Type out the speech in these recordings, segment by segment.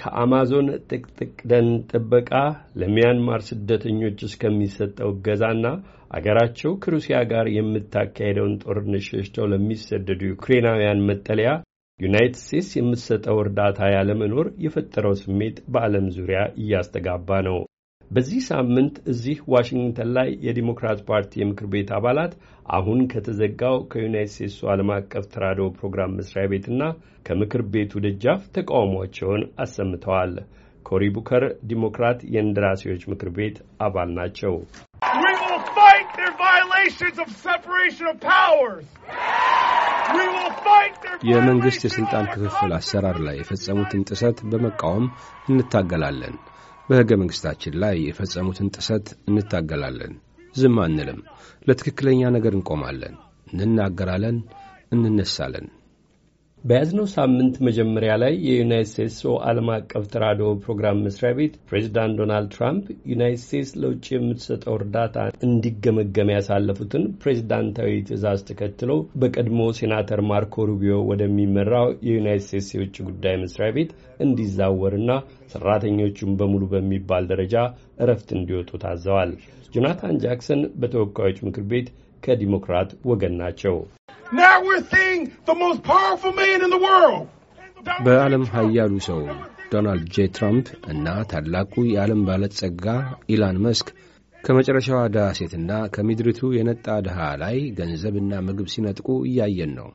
ከአማዞን ጥቅጥቅ ደን ጥበቃ ለሚያንማር ስደተኞች እስከሚሰጠው እገዛና አገራቸው ከሩሲያ ጋር የምታካሄደውን ጦርነት ሸሽተው ለሚሰደዱ ዩክሬናውያን መጠለያ ዩናይትድ ስቴትስ የምትሰጠው እርዳታ ያለመኖር የፈጠረው ስሜት በዓለም ዙሪያ እያስተጋባ ነው። በዚህ ሳምንት እዚህ ዋሽንግተን ላይ የዲሞክራት ፓርቲ የምክር ቤት አባላት አሁን ከተዘጋው ከዩናይት ስቴትሱ ዓለም አቀፍ ተራድኦ ፕሮግራም መስሪያ ቤትና ከምክር ቤቱ ደጃፍ ተቃውሟቸውን አሰምተዋል። ኮሪ ቡከር ዲሞክራት የእንደራሴዎች ምክር ቤት አባል ናቸው። የመንግሥት የሥልጣን ክፍፍል አሰራር ላይ የፈጸሙትን ጥሰት በመቃወም እንታገላለን። በሕገ መንግሥታችን ላይ የፈጸሙትን ጥሰት እንታገላለን። ዝም አንልም። ለትክክለኛ ነገር እንቆማለን፣ እንናገራለን፣ እንነሳለን። በያዝነው ሳምንት መጀመሪያ ላይ የዩናይት ስቴትስ ዓለም አቀፍ ተራድኦ ፕሮግራም መስሪያ ቤት ፕሬዚዳንት ዶናልድ ትራምፕ ዩናይት ስቴትስ ለውጭ የምትሰጠው እርዳታ እንዲገመገም ያሳለፉትን ፕሬዚዳንታዊ ትዕዛዝ ተከትሎ በቀድሞ ሴናተር ማርኮ ሩቢዮ ወደሚመራው የዩናይት ስቴትስ የውጭ ጉዳይ መስሪያ ቤት እንዲዛወርና ሰራተኞቹን በሙሉ በሚባል ደረጃ እረፍት እንዲወጡ ታዘዋል። ጆናታን ጃክሰን በተወካዮች ምክር ቤት ከዲሞክራት ወገን ናቸው። በዓለም ሀያሉ ሰው ዶናልድ ጄ ትራምፕ እና ታላቁ የዓለም ባለጸጋ ኢላን መስክ ከመጨረሻዋ ድሃ ሴትና ከምድሪቱ የነጣ ድሃ ላይ ገንዘብና ምግብ ሲነጥቁ እያየን ነው።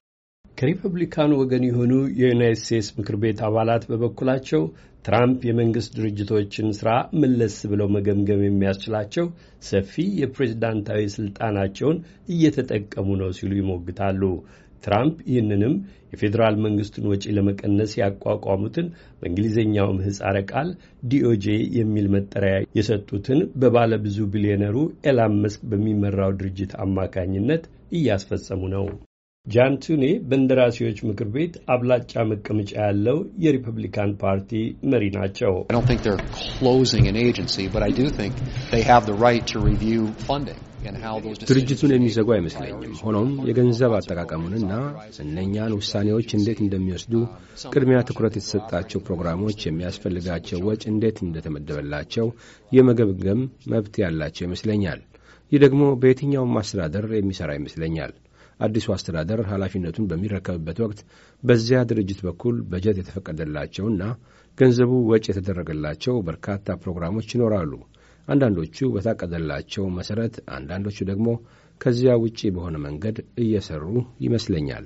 ከሪፐብሊካኑ ወገን የሆኑ የዩናይት ስቴትስ ምክር ቤት አባላት በበኩላቸው ትራምፕ የመንግሥት ድርጅቶችን ሥራ መለስ ብለው መገምገም የሚያስችላቸው ሰፊ የፕሬዝዳንታዊ ሥልጣናቸውን እየተጠቀሙ ነው ሲሉ ይሞግታሉ። ትራምፕ ይህንንም የፌዴራል መንግስቱን ወጪ ለመቀነስ ያቋቋሙትን በእንግሊዝኛው ምህፃረ ቃል ዲኦጄ የሚል መጠሪያ የሰጡትን በባለ ብዙ ቢሊዮነሩ ኤላን መስክ በሚመራው ድርጅት አማካኝነት እያስፈጸሙ ነው። ጃንቱኔ በእንደራሴዎች ምክር ቤት አብላጫ መቀመጫ ያለው የሪፐብሊካን ፓርቲ መሪ ናቸው። ድርጅቱን የሚዘጉ አይመስለኝም። ሆኖም የገንዘብ አጠቃቀሙንና እነኛን ውሳኔዎች እንዴት እንደሚወስዱ፣ ቅድሚያ ትኩረት የተሰጣቸው ፕሮግራሞች የሚያስፈልጋቸው ወጪ እንዴት እንደተመደበላቸው የመገብገም መብት ያላቸው ይመስለኛል። ይህ ደግሞ በየትኛውም ማስተዳደር የሚሠራ ይመስለኛል። አዲሱ አስተዳደር ኃላፊነቱን በሚረከብበት ወቅት በዚያ ድርጅት በኩል በጀት የተፈቀደላቸውና ገንዘቡ ወጪ የተደረገላቸው በርካታ ፕሮግራሞች ይኖራሉ። አንዳንዶቹ በታቀደላቸው መሠረት፣ አንዳንዶቹ ደግሞ ከዚያ ውጪ በሆነ መንገድ እየሰሩ ይመስለኛል።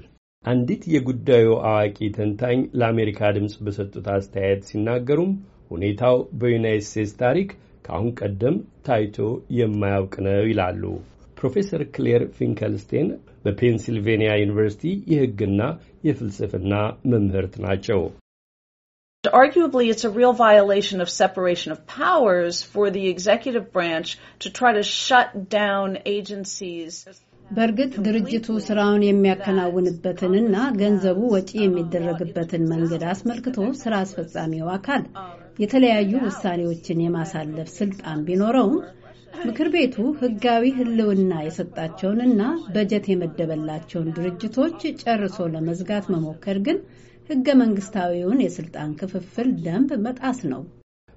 አንዲት የጉዳዩ አዋቂ ተንታኝ ለአሜሪካ ድምፅ በሰጡት አስተያየት ሲናገሩም ሁኔታው በዩናይት ስቴትስ ታሪክ ከአሁን ቀደም ታይቶ የማያውቅ ነው ይላሉ። ፕሮፌሰር ክሌር ፊንከልስቴን በፔንሲልቬንያ ዩኒቨርሲቲ የሕግና የፍልስፍና መምህርት ናቸው። Arguably, it's a real violation of separation of powers for the executive branch to try to shut down agencies. በእርግጥ ድርጅቱ ስራውን የሚያከናውንበትንና ገንዘቡ ወጪ የሚደረግበትን መንገድ አስመልክቶ ስራ አስፈጻሚው አካል የተለያዩ ውሳኔዎችን የማሳለፍ ስልጣን ቢኖረውም ምክር ቤቱ ሕጋዊ ህልውና የሰጣቸውንና በጀት የመደበላቸውን ድርጅቶች ጨርሶ ለመዝጋት መሞከር ግን ሕገ መንግስታዊውን የስልጣን ክፍፍል ደንብ መጣስ ነው።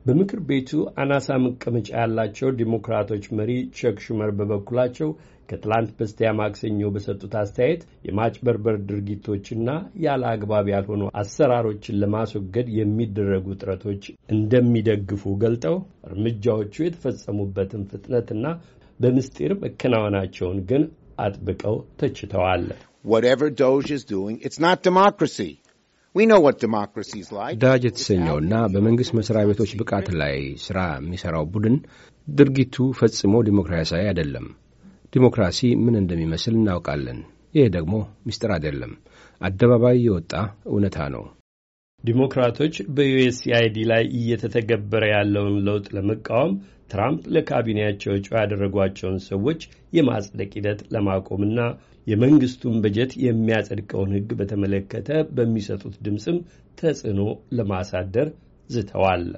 በምክር ቤቱ አናሳ መቀመጫ ያላቸው ዲሞክራቶች መሪ ቸክ ሹመር በበኩላቸው ከትላንት በስቲያ ማክሰኞ በሰጡት አስተያየት የማጭበርበር ድርጊቶችና ያለ አግባብ ያልሆኑ አሰራሮችን ለማስወገድ የሚደረጉ ጥረቶች እንደሚደግፉ ገልጠው እርምጃዎቹ የተፈጸሙበትን ፍጥነትና በምስጢር መከናወናቸውን ግን አጥብቀው ተችተዋል። Whatever Doge is doing, it's not democracy. ዳጅ የተሰኘውና በመንግሥት መሥሪያ ቤቶች ብቃት ላይ ሥራ የሚሠራው ቡድን ድርጊቱ ፈጽሞ ዲሞክራሲያዊ አይደለም። ዲሞክራሲ ምን እንደሚመስል እናውቃለን። ይህ ደግሞ ምስጢር አይደለም፣ አደባባይ የወጣ እውነታ ነው። ዲሞክራቶች በዩኤስኤአይዲ ላይ እየተተገበረ ያለውን ለውጥ ለመቃወም ትራምፕ ለካቢኔያቸው እጩ ያደረጓቸውን ሰዎች የማጽደቅ ሂደት ለማቆምና የመንግስቱን በጀት የሚያጸድቀውን ሕግ በተመለከተ በሚሰጡት ድምፅም ተጽዕኖ ለማሳደር ዝተዋል።